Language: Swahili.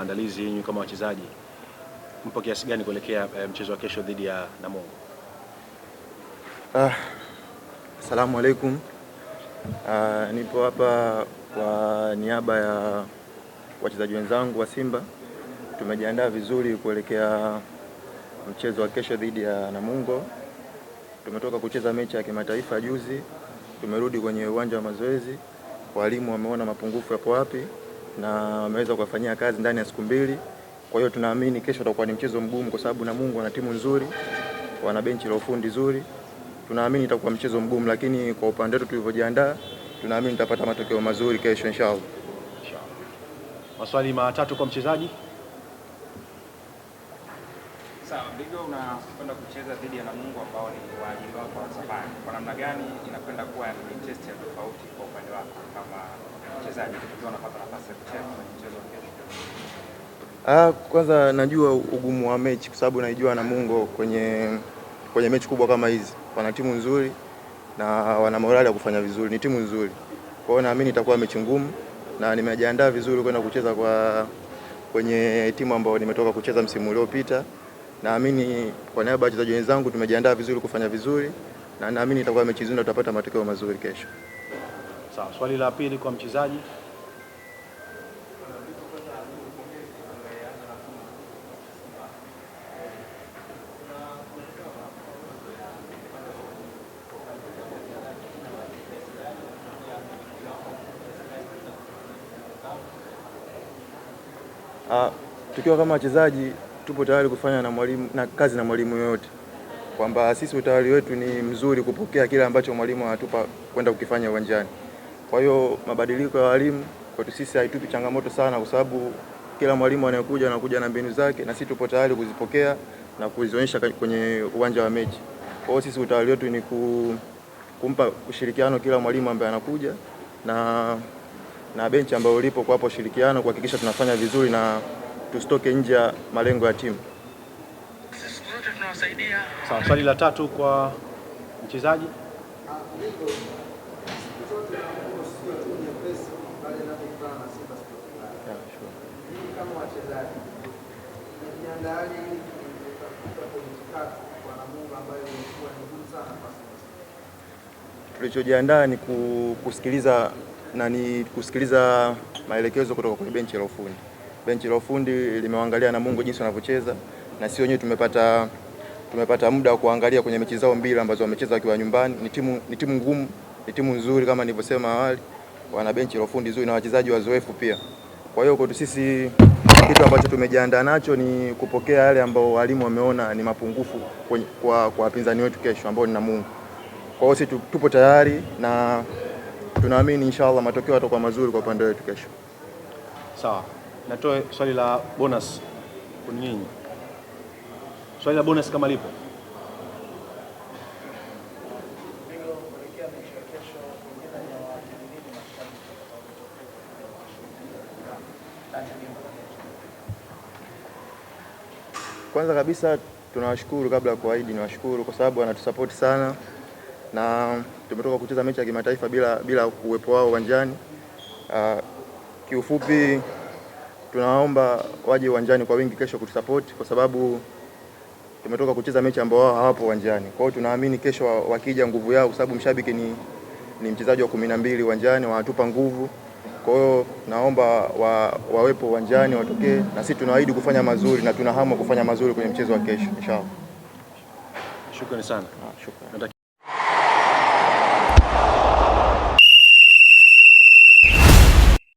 maandalizi yenu kama wachezaji mpo kiasi gani kuelekea eh, mchezo wa kesho dhidi ya Namungo? Ah, asalamu alaikum. Ah, nipo hapa kwa niaba ya wachezaji wenzangu wa Simba. Tumejiandaa vizuri kuelekea mchezo wa kesho dhidi ya Namungo. Tumetoka kucheza mechi ya kimataifa juzi, tumerudi kwenye uwanja wa mazoezi. Walimu wameona mapungufu yapo wapi na wameweza kuwafanyia kazi ndani ya siku mbili. Kwa hiyo tunaamini kesho utakuwa ni mchezo mgumu, kwa sababu Namungo ana timu nzuri, wana benchi la ufundi zuri. Tunaamini itakuwa mchezo mgumu, lakini kwa upande wetu tulivyojiandaa, tunaamini tutapata matokeo mazuri kesho inshallah. Maswali matatu kwa mchezaji. Sawa, unakwenda kucheza dhidi ya Namungo ambao ni waajili wako wa Kwa namna gani inakwenda kuwa ni test ya tofauti kwa upande wako kama mchezaji ukiwa unapata nafasi ya kucheza kwenye mchezo wa kesho? Ah, kwanza najua ugumu wa mechi kwa sababu naijua Namungo kwenye kwenye mechi kubwa kama hizi. Wana timu nzuri na wana morali ya kufanya vizuri, ni timu nzuri. Kwa hiyo naamini itakuwa mechi ngumu na nimejiandaa vizuri kwenda kucheza kwa kwenye timu ambayo nimetoka kucheza msimu uliopita naamini kwa niaba ya wachezaji wenzangu tumejiandaa vizuri kufanya vizuri, na naamini itakuwa mechi nzuri na tutapata matokeo mazuri kesho. Sawa, swali la pili kwa mchezaji. Ah, tukiwa kama wachezaji tupo tayari kufanya na mwalimu na kazi na mwalimu yoyote, kwamba sisi utayari wetu ni mzuri kupokea kile ambacho mwalimu anatupa kwenda kukifanya uwanjani. Kwa hiyo mabadiliko ya walimu kwetu sisi haitupi changamoto sana, kwa sababu kila mwalimu anayekuja anakuja na mbinu zake, na sisi tupo tayari kuzipokea na kuzionyesha kwenye uwanja wa mechi. Kwa hiyo sisi utayari wetu ni kumpa ushirikiano kila mwalimu ambaye anakuja na na benchi ambayo lipo kwa hapo ushirikiano kuhakikisha tunafanya vizuri na tusitoke nje ya malengo ya timu. Sawa, swali la tatu kwa mchezaji. Tulichojiandaa ni kusikiliza na ni kusikiliza maelekezo kutoka kwenye benchi la ufundi. Benchi la ufundi limewaangalia na Mungu jinsi wanavyocheza, na sio wenyewe tumepata tumepata muda wa kuangalia kwenye mechi zao mbili ambazo wamecheza wakiwa nyumbani. Ni timu ni timu ngumu, ni timu nzuri kama nilivyosema awali, wana benchi la ufundi nzuri na wachezaji wazoefu pia. Kwa hiyo kwetu sisi kitu ambacho tumejiandaa nacho ni kupokea yale ambao walimu wameona ni mapungufu kwa kwa wapinzani wetu kesho ambao ni Namungo. Kwa hiyo sisi tupo tayari na tunaamini inshallah matokeo yatakuwa mazuri kwa upande wetu kesho. Sawa, natoe swali la bonus kwa nyinyi. Swali la bonus kama lipo Kwanza kabisa tunawashukuru, kabla ya kuahidi, niwashukuru kwa sababu wanatusapoti sana na tumetoka kucheza mechi ya kimataifa bila, bila uwepo wao uwanjani. Uh, kiufupi tunaomba waje uwanjani kwa wingi kesho kutusupport kwa sababu tumetoka kucheza mechi ambao wao hawapo uwanjani. Kwa hiyo tunaamini kesho wakija nguvu yao, kwa sababu mshabiki ni, ni mchezaji wa kumi na mbili uwanjani, wanatupa nguvu. Kwa hiyo naomba wa, wawepo uwanjani watokee, na sisi tunaahidi kufanya mazuri na tuna hamu kufanya mazuri kwenye mchezo wa kesho inshallah. Shukrani sana. Ah, shukrani.